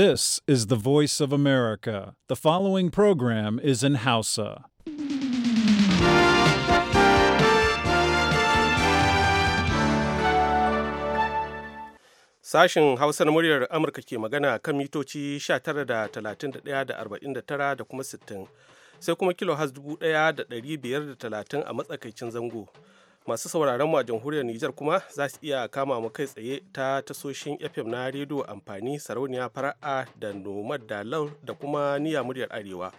This is the voice of America. The following program is in Hausa. Sashen Hausa na muryar Amurka ke magana kan mitoci 19 da 31 da 49 da kuma 60 sai kuma kilo has 1530 a matsakaicin zango. masu sauraron mu a jamhuriyar Nijar kuma za su iya kama mu kai tsaye ta tasoshin FM na rediyo amfani sarauniya fara'a da nomad da lau da kuma niya muryar arewa.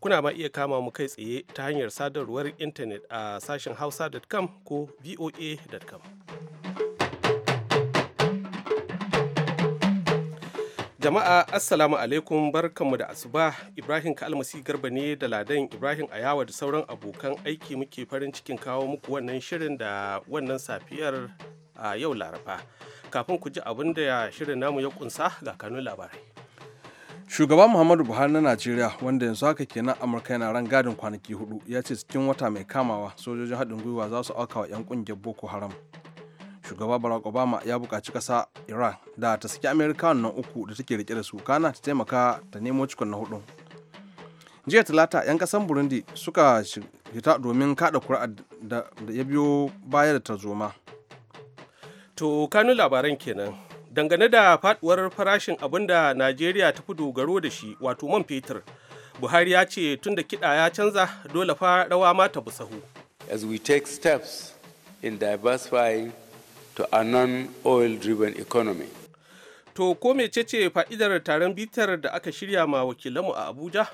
Kuna ma iya kama mu kai tsaye ta hanyar sadarwar intanet a sashen hausa.com ko voa.com. Jama'a Assalamu alaikum barkanmu da asuba Ibrahim Kalmasi Garba ne da Ladan Ibrahim Ayawa da sauran abokan aiki muke farin cikin kawo muku wannan shirin da wannan safiyar a yau Laraba. Kafin ku ji abin da ya shirin namu ya kunsa ga kanun labarai. shugaban Muhammadu Buhari na Najeriya wanda yanzu haka kenan Amurka yana ran gadin kwanaki hudu ya ce cikin wata mai kamawa sojojin haɗin gwiwa za su auka wa 'yan ƙungiyar Boko Haram. shugaba barack obama ya bukaci kasa iran da ta saki amerikawan na uku da take rike da su kana ta taimaka ta nemo cikon na hudu jiya talata 'yan kasan burundi suka fita domin kada kuri'a da ya biyo baya da tarzoma to kanu labaran kenan dangane da faduwar farashin abin da najeriya ta fi dogaro da shi wato man fetur buhari ya ce tun da kiɗa ya canza dole fa rawa ma ta bi sahu as we take steps in diversifying to a non-oil driven economy. To ko mecece fa'idar taron bitar da aka shirya ma wakilanmu a Abuja?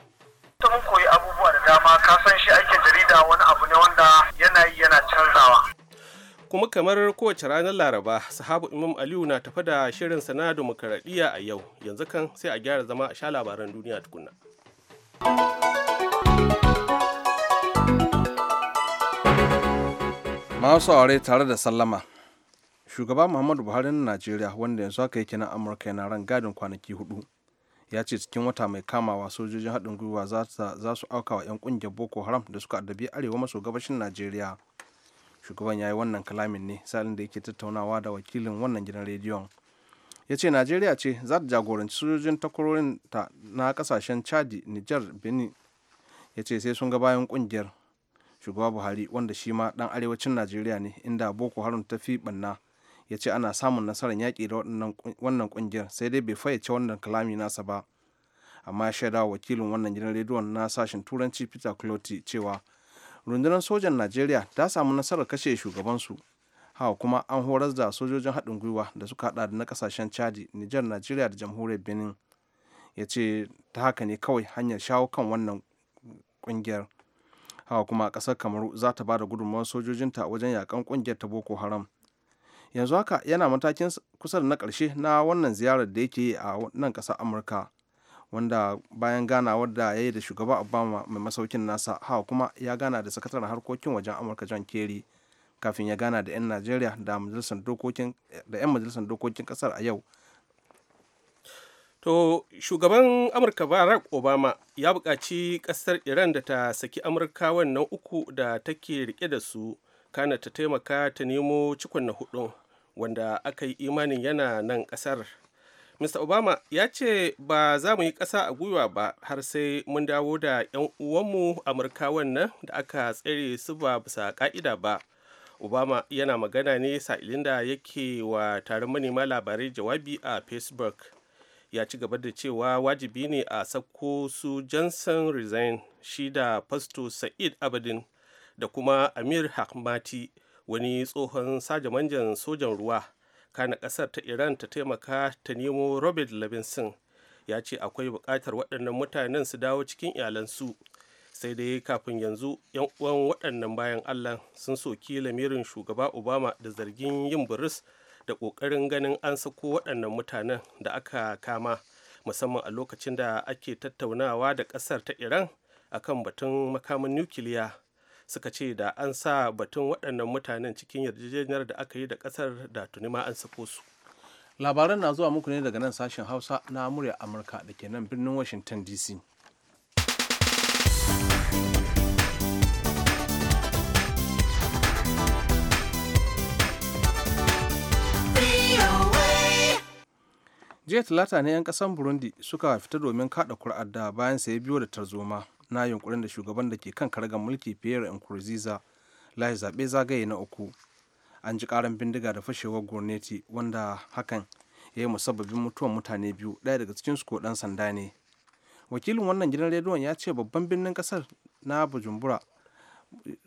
ta koyi abubuwa da dama ka san shi aikin jarida wani abu ne wanda yana yi yana canzawa kuma kamar kowace ranar laraba sahabu imam aliyu na tafa da shirin sana demokaradiyya a yau yanzu kan sai a gyara zama a sha labaran duniya tukuna masu aure tare da sallama shugaba muhammadu buhari na najeriya wanda yanzu haka yake na amurka yana ran gadin kwanaki hudu ya ce cikin wata mai kamawa sojojin haɗin gwiwa za su auka wa 'yan ƙungiyar boko haram da suka addabi arewa maso gabashin najeriya shugaban ya yi wannan kalamin ne salin da yake tattaunawa da wakilin wannan gidan rediyon ya ce najeriya ce za ta jagoranci sojojin takwarorin ta na kasashen chadi niger benin ya ce sai sun ga bayan kungiyar shugaba buhari wanda shi ma dan arewacin najeriya ne inda boko haram ta fi banna ya ce ana samun nasarar yaƙi da wannan ƙungiyar sai dai bai fayyace wannan kalami nasa ba amma ya shaidawa wakilin wannan gidan rediyon na sashen turanci peter cloti cewa rundunar sojan najeriya ta samu nasarar kashe shugabansu hawa kuma an horar da sojojin haɗin gwiwa da suka haɗa da na ƙasashen chadi nijar najeriya da jamhuriyar benin ya ce ta haka ne kawai hanyar shawo kan wannan ƙungiyar hawa kuma ƙasar kamaru za ta ba da gudunmawar sojojinta wajen yakan ƙungiyar ta boko haram yanzu haka yana matakin kusa da na ƙarshe na wannan ziyarar da yake yi a nan ƙasar amurka wanda bayan ganawar da ya yi da shugaba obama mai masaukin nasa hawa kuma ya gana da sakataren harkokin wajen amurka john kerry kafin ya gana da 'yan najeriya da 'yan majalisar dokokin ƙasar a yau to shugaban amurka barack obama ya buƙaci ƙasar iran da ta saki amurka wannan uku da take rike da su kana ta taimaka ta nemo cikon na hudu wanda aka yi imanin yana nan ƙasar mr obama ya ce ba za mu yi ƙasa a gwiwa ba har sai mun dawo da 'yan uwanmu amurkawan nan da aka tsere su ba bisa ka'ida ba obama yana magana ne sa'ilin da yake wa taron manema labarai jawabi a facebook ya ci gaba da cewa wajibi ne a sako su johnson resign shi da Pastor sa'id abadin da kuma amir hakmati wani tsohon saja manjan sojan ruwa kana kasar ta iran ta taimaka ta nemo robert levinson ya ce akwai bukatar waɗannan mutanen su dawo cikin iyalansu sai dai kafin yanzu yan uwan waɗannan bayan allah sun soki lamirin shugaba obama da zargin yin buris da ƙoƙarin ganin an sako waɗannan mutanen da aka kama musamman a lokacin da ake tattaunawa da ƙasar ta iran akan batun makamin nukiliya suka ce da an sa batun waɗannan mutanen cikin yarjejeniyar da aka yi da ƙasar da tuni ma an sako su labaran na zuwa muku ne daga nan sashen hausa na murya amurka da ke nan birnin washington dc jiya talata ne 'yan kasan burundi suka fita domin kada kur'ar da bayan sai biyo da tarzoma na yunkurin da shugaban da ke kan karagar mulki pierre nkurunziza layi zaɓe zagaye na uku an ji karan bindiga da fashewar gwamnati wanda hakan ya yi musabbabin mutuwan mutane biyu ɗaya daga cikin su ko ɗan sanda ne wakilin wannan gidan rediyon ya ce babban birnin kasar na bujumbura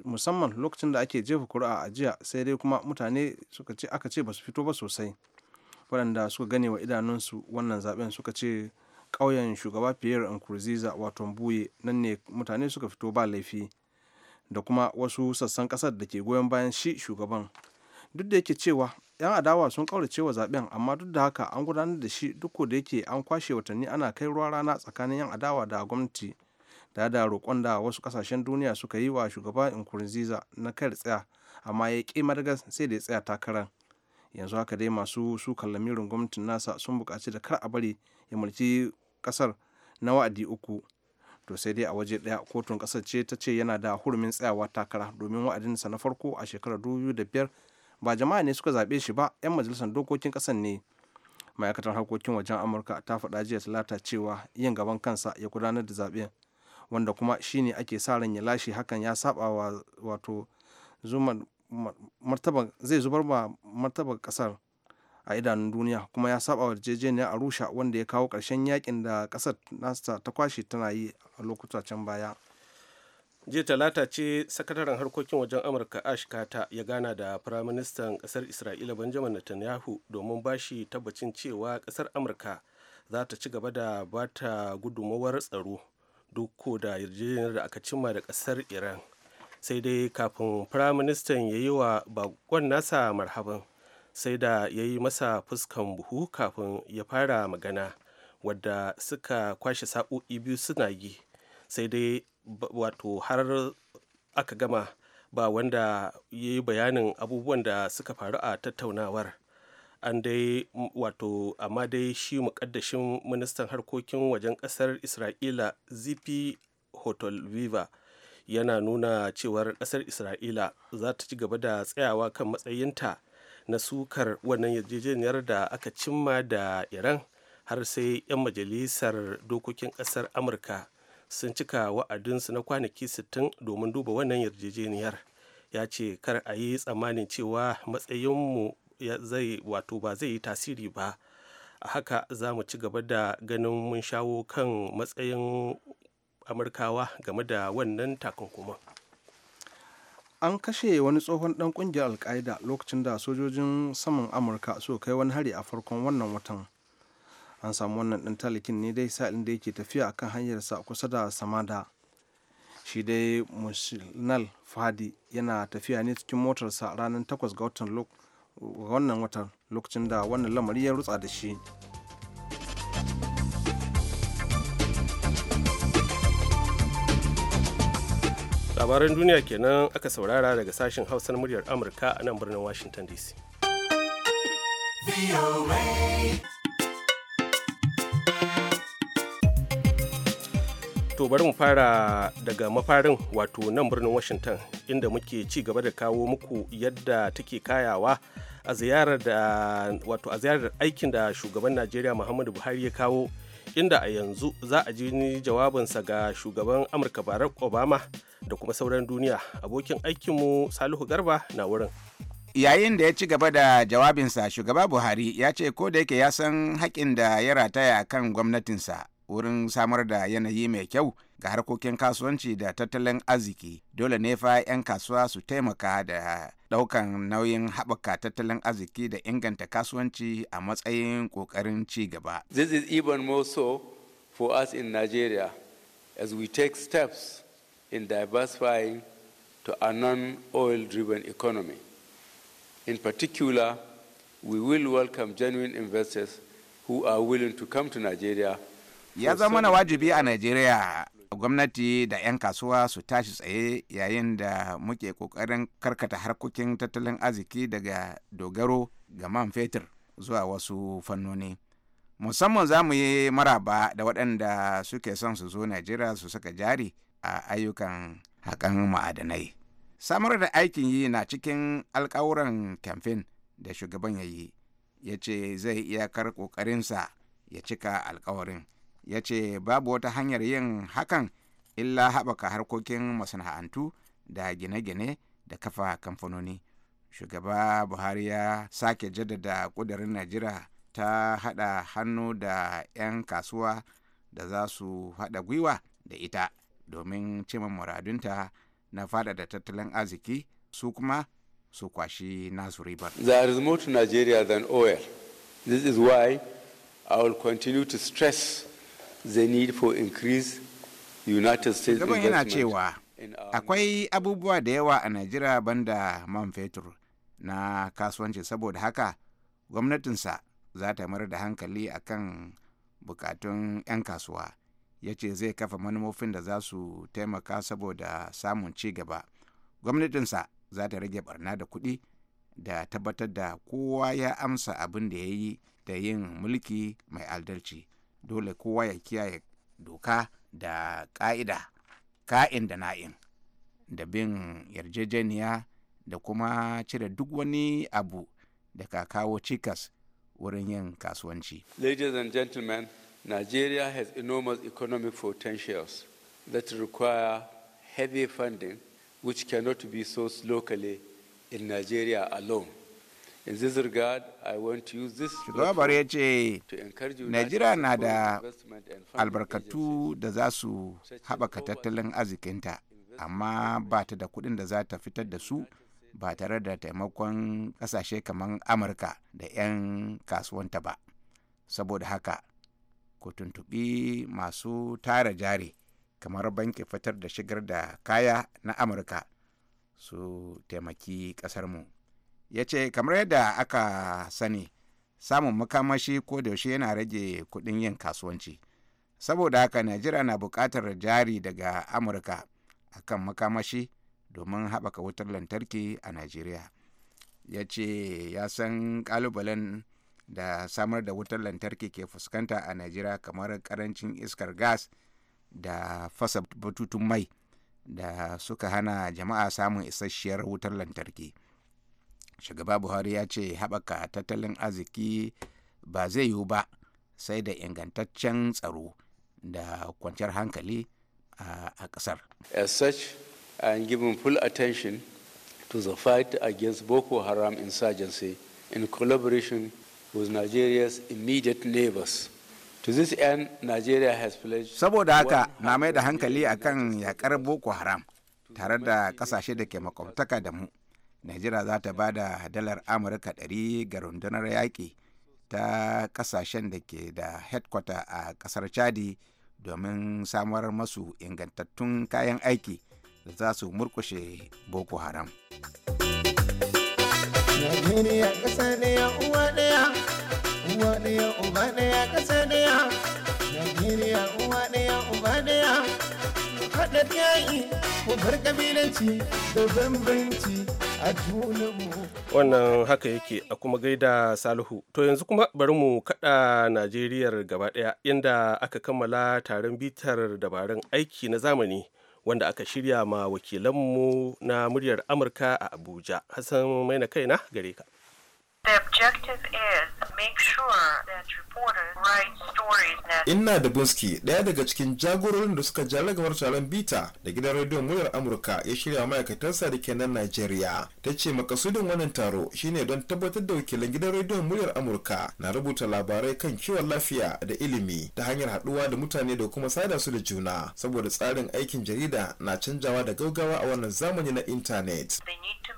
musamman lokacin da ake jefa kuri'a a jiya sai dai kuma mutane suka ce aka ce ba su fito ba sosai waɗanda suka gane wa idanunsu wannan zaɓen suka ce ƙauyen shugaba pierre kurziza wato buye nan ne mutane suka fito ba laifi da kuma wasu sassan ƙasar da ke goyon bayan shi shugaban duk da yake cewa 'yan adawa sun ƙaurace wa zaɓen amma duk da haka an gudanar da shi duk da yake an kwashe watanni ana kai ruwa rana tsakanin 'yan adawa da gwamnati da da roƙon da wasu ƙasashen duniya suka yi wa shugaba kurziza na kai tsaya amma ya ƙi madagas sai da ya tsaya takarar yanzu haka dai masu sukan lamirin gwamnatin nasa sun buƙaci da kar a bari ya mulki kasar na wa'adi uku to sai dai a waje daya kotun kasar ce ta ce yana da hurumin tsayawa takara domin wa'adinsa na farko a shekarar dubu da biyar ba jama'a ne suka zaɓe shi ba 'yan majalisar dokokin kasar ne ma'aikatar harkokin wajen amurka ta faɗa jiya talata cewa yin gaban kansa ya gudanar da zaɓen wanda kuma shine ake sa ran ya lashe hakan ya saba wa wato zai zubar ba martabar kasar a idanun duniya kuma ya saba a arusha wanda ya kawo ƙarshen yakin da ƙasar nasa ta kwashe tana yi a lokuta can baya jiya talata ce sakataren harkokin wajen amurka ash kata ya gana da firaministan ƙasar isra'ila benjamin netanyahu domin bashi tabbacin cewa ƙasar amurka za ta ci gaba da ba ta gudummawar tsaro duk da yarjejeniyar da aka cimma da ƙasar iran sai dai kafin firaministan ya yi wa bakon nasa marhaban sai da ya yi masa fuskan buhu kafin ya fara magana wadda suka kwashe sa'o'i biyu suna yi sai dai wato har aka gama ba wanda ya yi bayanin abubuwan da suka faru a tattaunawar an dai wato amma dai shi mukaddashin ministan harkokin wajen kasar isra'ila zipi viva yana nuna cewar kasar isra'ila za ta ci gaba da tsayawa kan matsayinta na sukar wannan yarjejeniyar da aka cimma da iran har sai 'yan majalisar dokokin ƙasar amurka sun cika wa'adinsu na kwanaki 60 domin duba wannan yarjejeniyar ya ce kar a yi tsammanin cewa matsayinmu zai wato ba zai yi tasiri ba a haka za mu ci gaba da ganin mun shawo kan matsayin amurkawa game da wannan takunkuman. an kashe wani tsohon dan kungiyar alkaida lokacin da sojojin saman amurka su kai wani hari a farkon wannan watan an samu wannan ɗin talikin ne dai sa'in da yake tafiya akan hanyarsa kusa da samada shi dai musulnal fadi yana tafiya ne cikin motarsa ranar 8 ga wannan watan lokacin da wannan lamari ya rutsa da shi labaran duniya kenan aka saurara daga sashen hausar muryar amurka a nan birnin washington dc to bari mu fara daga mafarin wato nan birnin washington inda muke ci gaba da kawo muku yadda take kayawa a ziyarar wato a ziyarar aikin da shugaban najeriya muhammadu buhari ya kawo inda a yanzu za a ji jawabinsa ga shugaban amurka barack obama da kuma sauran duniya abokin aikinmu salihu garba na wurin yayin da ya ci gaba da jawabinsa shugaba buhari ya ce ko da yake ya san haƙin da ya rataya kan gwamnatinsa wurin samar da yanayi mai kyau ga harkokin kasuwanci da tattalin arziki dole ne fa 'yan kasuwa su taimaka da daukan nauyin haɓaka tattalin arziki da inganta kasuwanci a matsayin ƙoƙarin ci gaba. This is even more so for us in Nigeria as we take steps in diversifying to a non-oil driven economy. In particular, we will welcome genuine investors who are willing to come to Nigeria ya zama na wajibi a Najeriya gwamnati da 'yan kasuwa su tashi tsaye yayin da muke ƙoƙarin karkata harkokin tattalin arziki daga dogaro ga man fetur zuwa wasu fannoni musamman za mu yi maraba da waɗanda suke son su zo najeriya su saka jari a ayyukan haƙan ma'adanai samar da aikin yi na cikin alkawuran kamfen da shugaban ya yi ya ce zai iyakar ƙoƙarinsa ya cika alkawarin ya ce babu wata hanyar yin hakan illa haɓaka harkokin masana'antu da gine-gine da kafa kamfanoni shugaba buhari ya sake jaddada ƙudurin najira ta haɗa hannu da 'yan kasuwa da za su haɗa gwiwa da ita domin cimma muradunta na da tattalin arziki su kuma su kwashi nasu ribar. There is more to Nigeria than oil. This is why I will continue to stress the need for increased United States Gaban yana cewa um, akwai abubuwa da yawa a Najeriya banda man fetur na kasuwanci saboda haka gwamnatinsa za ta mayar da hankali a kan bukatun 'yan kasuwa ya ce zai kafa manufofin da za su taimaka saboda samun ci gaba gwamnatinsa za ta rage barna da kuɗi da tabbatar da kowa ya amsa abin da ya yi da yin mulki mai adalci. dole kowa ya kiyaye doka da ka'ida ka'in da na'in da bin yarjejeniya da kuma cire duk wani abu da ka kawo cikas wurin yin kasuwanci. Ladies and gentlemen, Nigeria has enormous economic potentials that require heavy funding which cannot be sourced locally in Nigeria alone. Shugaba ya ce, Najeriya na da albarkatu da za su haɓaka tattalin arzikinta, amma ba ta da kuɗin da za ta fitar da su ba tare da taimakon ƙasashe kamar Amurka da 'yan kasuwanta ba. Saboda haka, ku tuntuɓi masu tara jari kamar banki fitar da shigar da kaya na Amurka su taimaki ƙasarmu. mu. ya ce kamar yadda aka sani samun makamashi ko da yaushe yana rage kuɗin yin kasuwanci saboda haka najeriya na buƙatar jari daga amurka akan makamashi domin haɓaka wutar lantarki a najeriya ya ce ya san ƙalubalen da samar da wutar lantarki ke fuskanta a najeriya kamar ƙarancin iskar gas da fasa batutun mai da suka hana jama'a samun isasshiyar wutar lantarki. shugaba buhari ya ce haɓaka tattalin arziki ba zai yiwu ba sai da ingantaccen tsaro da kwanciyar hankali a ƙasar as such i am giving full attention to the fight against boko haram insurgency in collaboration with nigeria's immediate neighbors to this end nigeria has pledged saboda haka na mai da hankali akan yakar boko haram tare da kasashe da ke makwabtaka da mu najeriya za ta ba da dalar amurka ɗari ga rundunar yaƙi ta ƙasashen da ke da headquarter a ƙasar chadi domin samar masu ingantattun kayan aiki da za su murkushe boko haram nigeria ƙasa ɗaya uwa ɗaya, uwa ɗaya uba ɗaya ƙasa ɗaya. nigeria uwa ɗaya uba ɗaya. Haɗa bar ƙabilanci da bambanci. wannan haka yake a kuma gaida salihu to yanzu kuma bari mu kada najeriyar gaba daya inda aka kammala taron bitar dabarun aiki na zamani wanda aka shirya ma wakilanmu na muryar amurka a abuja hassan mai na kaina gare ka Inna da Bunski ɗaya daga cikin jagororin da suka ja ragamar taron bita da gidan rediyon muryar Amurka ya shirya ma'aikatansa da kenan Najeriya. Ta ce makasudin wannan taro shine don tabbatar da wakilan gidan rediyon muryar Amurka na rubuta labarai kan kiwon lafiya da ilimi ta hanyar haɗuwa da mutane da kuma sada su da juna saboda tsarin aikin jarida na canjawa da gaugawa a wannan zamani na intanet. They need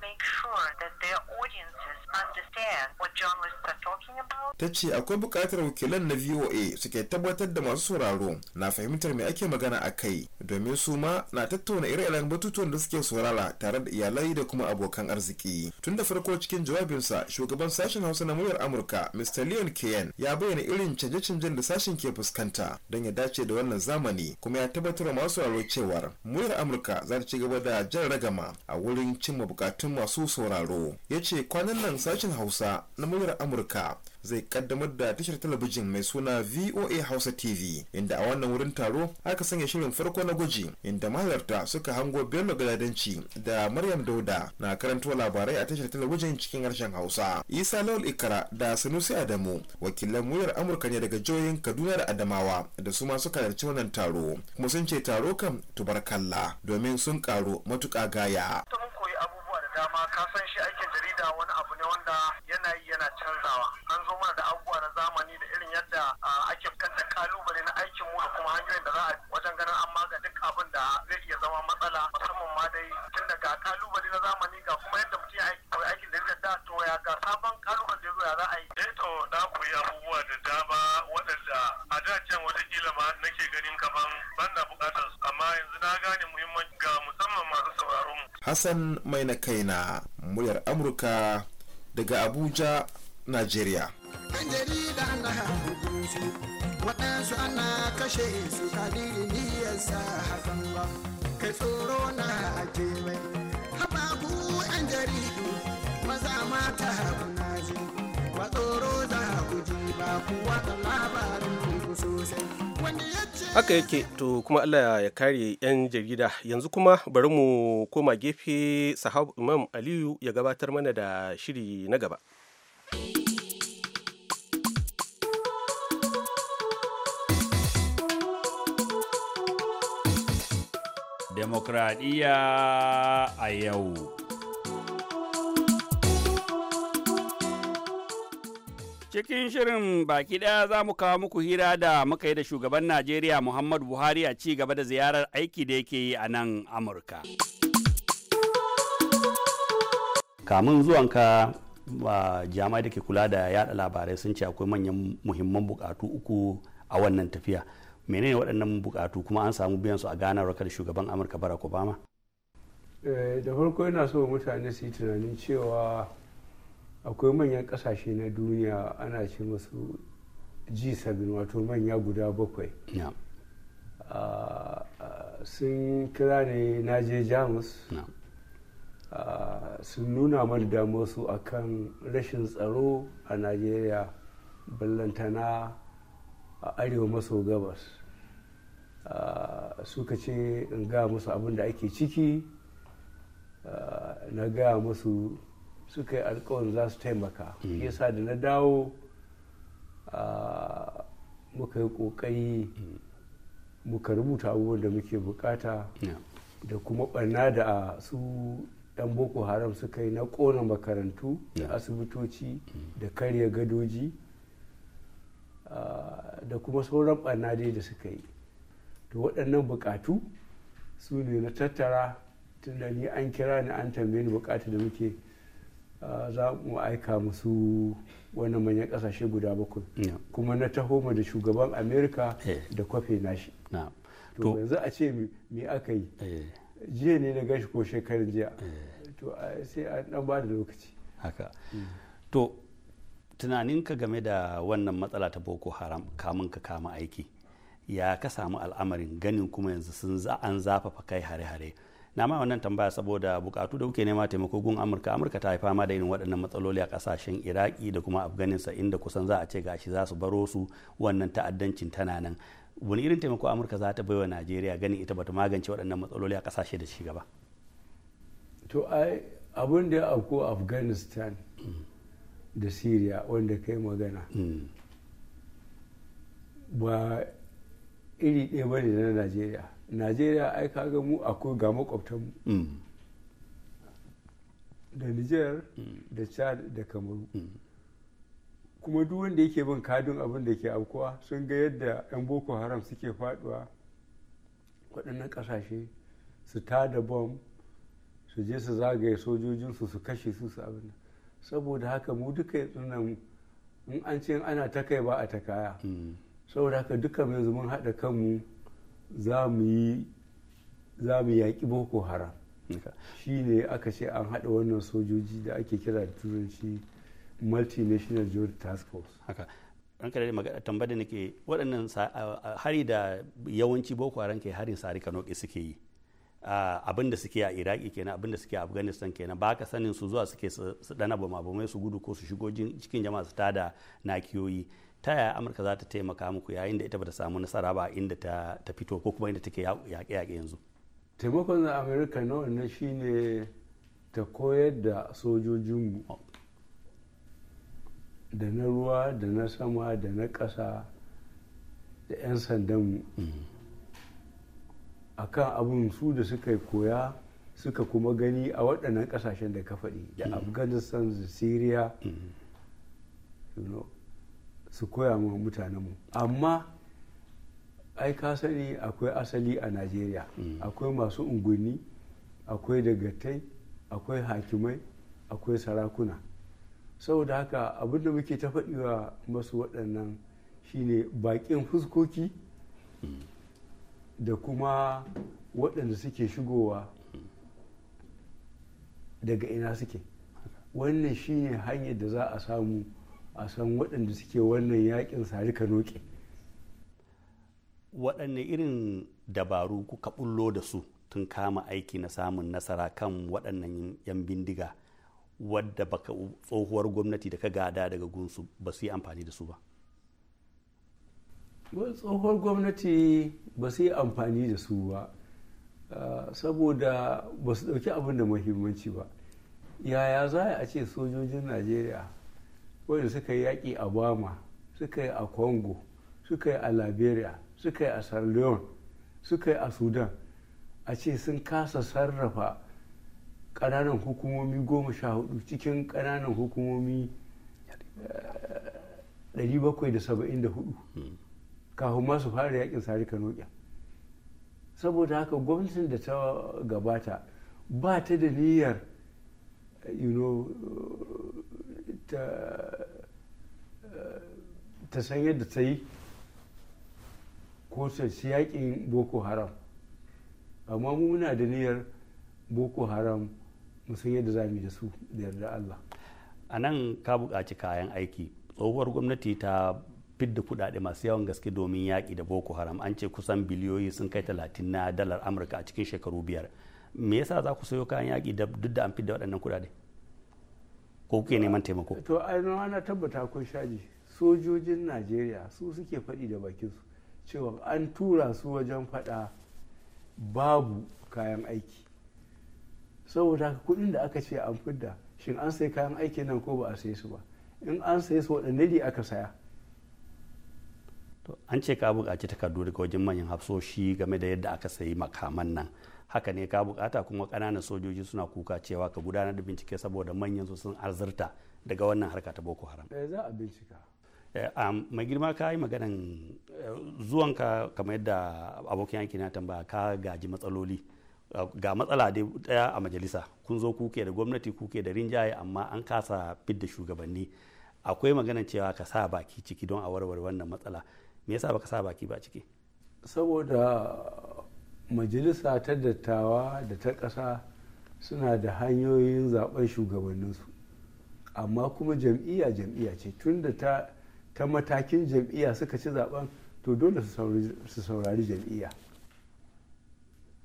Ta ce akwai buƙatar wakilan na VOA suke tabbatar da masu sauraro na fahimtar me ake magana a kai domin su ma na tattauna ire-iren batutuwan da suke saurara tare da iyalai da kuma abokan arziki. Tun da farko cikin jawabinsa shugaban sashen Hausa na muryar Amurka Mr. Leon Kean ya bayyana irin canje-canjen da sashen ke fuskanta don ya dace da wannan zamani kuma ya tabbatar masu sauraro cewar muryar Amurka za ta ci gaba da jan ragama a wurin cimma bukatun masu sauraro. Ya ce kwanan nan sashen Hausa hausa na muryar amurka zai kaddamar da tashar talabijin mai suna voa hausa tv inda a wannan wurin taro aka sanya shirin farko na gwaji inda mahalarta suka hango bello galadanci da maryam dauda na karanta labarai a tashar talabijin cikin harshen hausa isa lawal ikara da sanusi adamu wakilan muryar amurka ne daga jihohin kaduna da adamawa da su ma suka halarci wannan taro kuma sun ce taro kan tubarkalla domin sun karo matuƙa gaya. amma ka san shi aikin jarida wani abu ne wanda yana yi yana canzawa an zo mana da abubuwa na zamani da irin yadda ake kanta kalubale na aikin mu da kuma hanyoyin da za a wajen ganin an maga duk abin da zai iya zama matsala musamman ma dai tun daga kalubale na zamani ga kuma yadda mutum ya aikin jarida da to ya ga sabon kalubale da ya za a yi. eh to na koyi abubuwa da dama waɗanda a da can watakila ma nake ganin kaman ban na buƙatar amma yanzu na gane muhimmanci ga musamman masu sauraron mu. Hassan mai na kaina na muryar amurka daga abuja nigeria yan jarida na hannu waɗansu ana kashe su kadiri niyarsa hakan ba kai tsoro na ake mai haɓaku yan jaridu maza mata kuna ji ba tsoro za ku ji ba kuwa da haka yake to kuma allah ya kare 'yan jarida yanzu kuma bari mu koma gefe sahab imam aliyu ya gabatar mana da shiri na gaba demokradiyya a yau Cikin shirin baki ɗaya za mu kawo muku hira da muka yi da shugaban Najeriya Muhammadu Buhari a ci gaba da ziyarar aiki da yake yi a nan Amurka. Kamun zuwanka jam'ai da ke kula da yada labarai sun ce akwai manyan muhimman bukatu uku a wannan tafiya. menene waɗannan bukatu kuma an samu biyan su a ganawar da shugaban amurka barack obama eh, da farko yana so mutane su yi tunanin cewa akwai manyan kasashe na duniya ana ce masu g7 wato manya guda bakwai ah, sun kira ne na je jamus ah, sun nuna mana su a kan rashin tsaro a najeriya ballantana a arewa maso gabas ah, suka ce in ga musu abin da ake ciki na gaya musu suka yi alkawarin za su taimaka hmm. yasa da na dawo muka yi kokari hmm. muka rubuta abubuwan da muke bukata da kuma barna da su ɗan boko haram suka yi na kona makarantu da asibitoci hmm. da karya gadoji da kuma sauran barna dai da suka yi to waɗannan bukatu su ne na tattara tun ni an kira ni an tambaye ni bukatu da muke za mu aika musu wannan manyan kasashe guda bakwai kuma na taho mu da shugaban amerika eh. da kwafe nashi to yanzu a ce me aka yi eh. jiya ne na gashi ko shekarun jiya eh. to sai a dan ba da lokaci haka mm. to tunaninka game da wannan matsala ta boko haram kamun ka kama aiki ya ka samu al'amarin ganin kuma yanzu sun an zafafa kai hare-hare na ma wannan tambaya saboda bukatu da kuke nema taimako gun amurka amurka ta yi fama da irin waɗannan matsaloli a ƙasashen iraki da kuma afghanistan inda kusan za a ce gashi za su baro su wannan ta'addancin tana nan wani irin taimako amurka za ta baiwa najeriya ganin ita bata magance waɗannan matsaloli a ƙasashe da ci gaba to ai abin da ya auku afghanistan da syria wanda kai magana hmm. ba iri ɗaya bane na najeriya najeriya ai kaga mu akwai ga makwabtanmu mm. da niger mm. da chad da kamaru mm. kuma duk wanda yake bin kadin abin da ke aukuwa sun ga yadda 'yan boko haram suke faduwa waɗannan ƙasashe su tada bom su je su zagaye sojojinsu su kashe su su abin saboda haka mu duka nan in an ce ana ta kai ba a ta kaya saboda haka duka mai zumun haɗa kanmu za mu yi yaƙi boko haram shi ne aka ce an haɗa wannan sojoji da ake kira da turanci multinational joint task force haka ranka da magana tambaya da nake waɗannan hari da yawanci boko haram ke harin sari kanoke suke yi abin da suke a iraki kenan abin da suke a afghanistan kenan ba ka sanin su zuwa suke su dana bama bamai su gudu ko su shigo cikin jama'a su tada nakiyoyi ta yaya amurka za ta taimaka muku yayin da ita bata samu nasara ba inda ta fito ko kuma inda take yaƙe-yaƙe yanzu taimakon na amurka na wannan shine ta koyar da sojojinmu da na ruwa da na sama da na ƙasa da 'yan sandanmu a kan abin su da suka koya suka kuma gani a waɗannan ƙasashen da ka faɗi da mm-hmm. afghanistan da syria su koya ma mutanenmu amma ai ka sani akwai asali a najeriya mm. akwai masu unguni, akwai dagatai akwai hakimai akwai sarakuna saboda haka abin da muke ta faɗiwa masu waɗannan shine baƙin fuskoki da kuma waɗanda suke shigowa daga ina suke wannan shine hanyar da za a samu a san waɗanda suke wannan yakin sari ka noke waɗanne irin dabaru kuka bullo da su tun kama aiki na samun nasara kan waɗannan 'yan bindiga wadda baka tsohuwar gwamnati da ka gada daga gunsu ba su yi amfani da su ba tsohuwar gwamnati ba su yi amfani da su ba ah, saboda ba su ɗauki abin da muhimmanci ba yaya za a ce sojojin najeriya wanda suka yi yaƙi a bama suka yi a congo suka yi a liberia suka yi a sierra leone suka yi a sudan a ce sun kasa sarrafa ƙananan hukumomi goma sha hudu cikin ƙananan hukumomi 774 eh, kafin ma su fara yakin sari kanoƙi saboda haka gwamnatin da ta gabata ba ta da niyyar you Eh, ta san yadda ta yi ko sai yaƙin boko haram amma mu muna da niyyar boko haram mu san yadda za mu da su da yarda allah a nan ka buƙaci kayan aiki tsohuwar gwamnati ta fidda kuɗaɗe masu yawan gaske domin yaƙi da boko haram an ce kusan biliyoyi sun kai talatin na dalar amurka a cikin shekaru biyar me yasa za ku sayo kayan yaƙi duk da an fidda waɗannan kuɗaɗe ko kuke neman taimako to ainihin na tabbata kun shaji sojojin najeriya su suke faɗi da bakin su cewa an tura su wajen faɗa babu kayan aiki saboda haka kuɗin da aka ce an fidda shin an sai kayan aiki nan ko ba a sai su ba in an sai su waɗanne ne aka saya an ce ka buƙaci takardu daga wajen manyan hafsoshi game da yadda aka sayi makaman nan haka ne ka buƙata kuma ƙananan sojoji suna kuka cewa ka gudanar da bincike saboda manyan su sun arzurta daga wannan harka ta boko haram Eh za a bincika eh, mai girma ka yi maganan eh, zuwanka kamar yadda abokin yankin na tambaya ka gaji matsaloli eh, ga matsala dai daya a majalisa kun zo kuke da gwamnati kuke da rinjaye amma an kasa fidda shugabanni akwai maganan cewa ka sa baki ciki don a warware wannan matsala me yasa baka sa baki ba ciki saboda majalisa ta dattawa da ta ƙasa suna da hanyoyin zaben shugabanninsu amma kuma jam'iyya jam'iyya ce tunda ta, ta matakin jam'iyya suka ci zaben to dole su saurari jam'iyya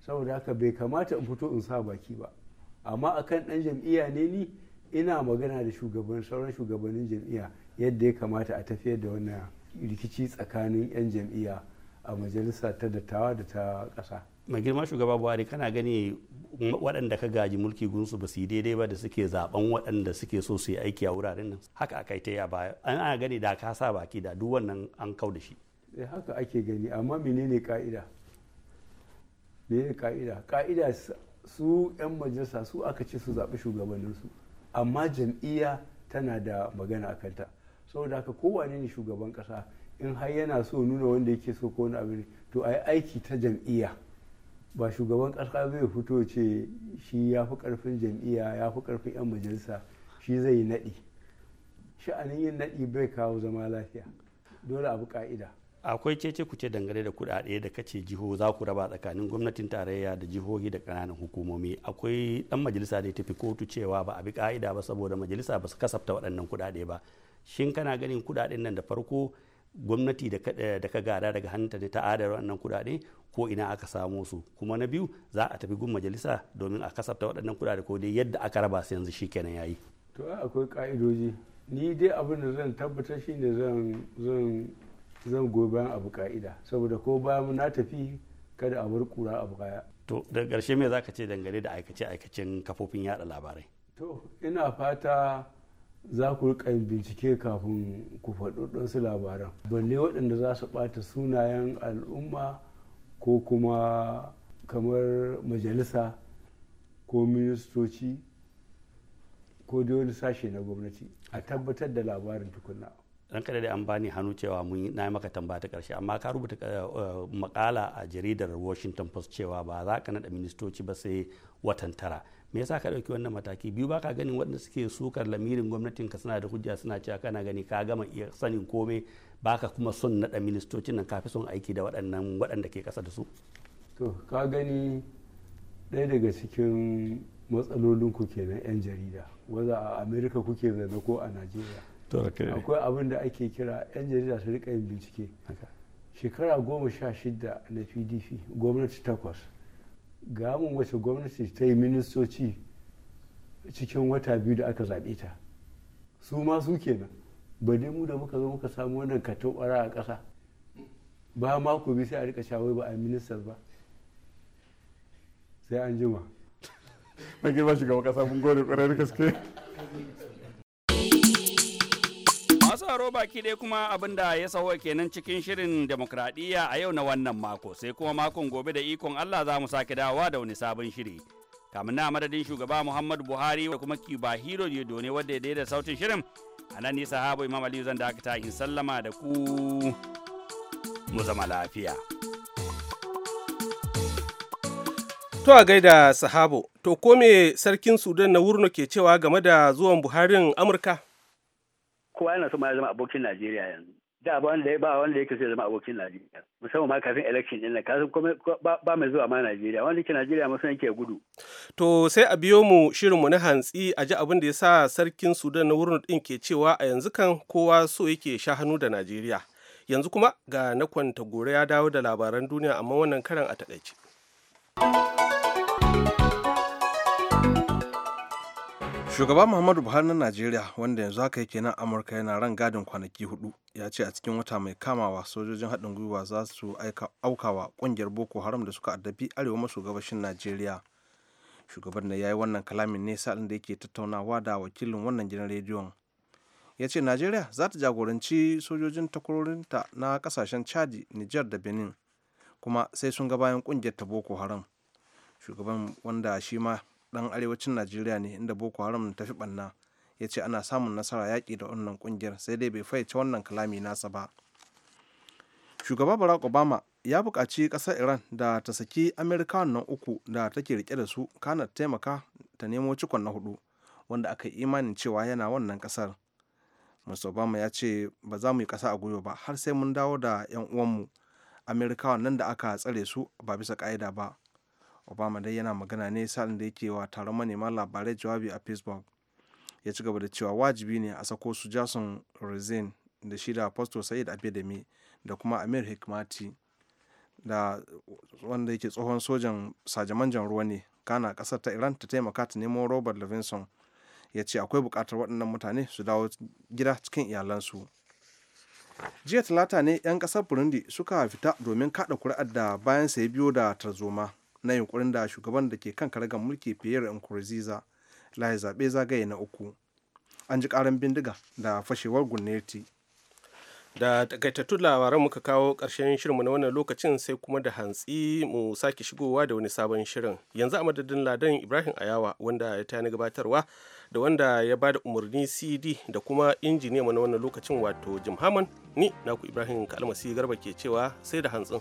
saboda haka bai kamata in fito in sa baki ba amma akan dan jam'iyya ne ni ina magana da shugaban sauran shugabannin jam'iyya yadda ya kamata a tafiyar da wannan rikici tsakanin 'yan jam'iyya a majalisa ta dattawa da ta ƙasa mai girma shugaba buhari kana gani waɗanda ka gaji mulki gunsu ba su yi daidai ba da suke zaben waɗanda suke so su yi aiki a wuraren nan haka aka ta ya baya an ana gani da ka sa baki da duk wannan an kau da shi eh, haka ake gani amma menene ka'ida menene ka'ida ka'ida su 'yan majalisa su aka ce su zaɓi shugabanninsu amma jam'iyya tana da magana a kanta saboda haka kowane ne shugaban kasa in har yana so nuna wanda yake so ko wani abu ne to a yi aiki ta jam'iyya ba shugaban kasa zai fito ce shi ya fi karfin jam'iyya ya fi karfin 'yan majalisa shi zai yi naɗi sha'anin yin naɗi bai kawo zama lafiya dole abu ka'ida akwai cece kuce dangane da kuɗaɗe da kace jiho za ku raba tsakanin gwamnatin tarayya da jihohi da ƙananan hukumomi akwai ɗan majalisa da ya tafi kotu cewa ba a bi ka'ida ba saboda majalisa ba su kasafta waɗannan kudade ba shin kana ganin kudaden nan da farko gwamnati eh, da ka gada daga hannunta ne ta wannan wannan kudade ko ina aka samo su kuma na biyu za a tafi gun majalisa domin a kasafta waɗannan kudade ko dai yadda aka raba su yanzu shikenan yayi to akwai ka'idoji ni dai abin da zan tabbatar shine zan zan zan goyi abu ka'ida saboda ko bayan na tafi kada a bar kura abu kaya to daga karshe me zaka ce dangane da aikace aikacen kafofin yada labarai to ina fata za ku rika bincike kafin ku faɗi su labaran balle waɗanda za su ɓata sunayen al'umma ko kuma kamar majalisa ko ministoci ko dai sashe na gwamnati a tabbatar da labarin tukuna kada da an bani hannu cewa mun na maka tambaya ta karshe amma ka rubuta eh, eh, makala a jaridar washington post cewa ba za ka naɗa ministoci ba sai watan tara me yasa ka ɗauki wannan mataki biyu ba ka ganin waɗanda suke sukar lamirin gwamnatin ka suna da hujja suna cewa kana gani ka gama iya sanin komai ba ka kuma son naɗa ministocin nan kafi son aiki da waɗannan waɗanda ke ƙasa da su to ka gani ɗaya daga cikin matsalolin matsalolinku kenan 'yan jarida wanda a amerika kuke zane ko a najeriya akwai abin da ake kira 'yan jarida su rika yin bincike shekara goma sha shida na pdp gwamnati takwas ga mun wace gwamnati ta yi ministoci cikin wata biyu da aka zaɓe ta su ma su kenan ba dai mu da muka zo muka samu wannan katobara a ƙasa ba mako bi sai a rika shawai ba a ministar ba sai an jima na girma shugaban ƙasa mun gode ƙwarar gaske sauraro baki ɗaya kuma abin da ya sauwa kenan cikin shirin demokradiyya a yau na wannan mako sai kuma makon gobe da ikon Allah za mu sake dawowa da wani sabon shiri. Kamin na madadin shugaba Muhammadu Buhari da kuma Kiba Hiro ne wadda ya daida sautin shirin a nan ni sahabo Imam Aliyu zan dakata in sallama da ku mu zama lafiya. To a gaida sahabo, to ko sarkin Sudan na Wurno ke cewa game da zuwan Buharin Amurka? kowa yana so ma ya zama abokin Najeriya yanzu da ba wanda ba wanda yake so ya zama abokin Najeriya musamman ma kafin election din nan kafin ba mai zuwa ma Najeriya wanda yake Najeriya masu yake gudu to sai a biyo mu shirin mu na hantsi a ji abin da ya sa sarkin Sudan na wurin din ke cewa a yanzu kan kowa so yake sha hannu da Najeriya yanzu kuma ga na kwanta gore ya dawo da labaran duniya amma wannan karan a takaice. shugaba muhammadu buhari na najeriya wanda yanzu haka yake nan amurka yana ran gadin kwanaki hudu ya ce a cikin wata mai kamawa sojojin haɗin gwiwa za su aukawa ƙungiyar boko haram da suka addabi arewa maso gabashin najeriya shugaban da ya yi wannan kalamin ne ɗin da yake tattaunawa da wakilin wannan gidan rediyon ya ce najeriya za ta jagoranci sojojin takwarorinta na kasashen chadi niger da benin kuma sai sun ga bayan kungiyar ta boko haram shugaban wanda shi ma dan arewacin najeriya ne inda boko haram ta fi banna ya ce ana samun nasara yaƙi da wannan ƙungiyar sai dai bai fayyace wannan kalami nasa ba shugaba barack obama ya buƙaci ƙasar iran da ta saki amerikawan nan uku da take rike da su kana taimaka ta nemo cikon na hudu wanda aka yi imanin cewa yana wannan ƙasar mr obama ya ce ba za mu yi ƙasa a gwiwa ba har sai mun dawo da 'yan uwanmu amerikawan nan da aka tsare su ba bisa ƙa'ida ba obama dai yana magana ne sa'in da yake wa taron manema labarai jawabi a facebook ya ci gaba da cewa wajibi ne a sako su jason rezin da shi da pastor sa'id abedemi da kuma amir hikmati da wanda yake tsohon sojan sajamanjan ruwa ne kana kasar ta iran ta taimaka ta neman robert levinson ya ce akwai bukatar waɗannan mutane su dawo gida cikin iyalansu jiya talata ne 'yan kasar burundi suka fita domin kaɗa kuri'ar da bayan sai biyo da tarzoma na yunkurin da shugaban da ke kan karagar mulki pierre nkurunziza laye zaɓe zagaye na uku an ji ƙaran bindiga da fashewar gwamnati da takaitattun labaran muka kawo ƙarshen shirinmu na wannan lokacin sai kuma da hantsi mu sake shigowa da wani sabon shirin yanzu a madadin ladan ibrahim ayawa wanda ya tani gabatarwa da wanda ya bada umarni cd da kuma injiniya na wannan lokacin wato jim haman ni naku ibrahim kalmasi garba ke cewa sai da hantsin.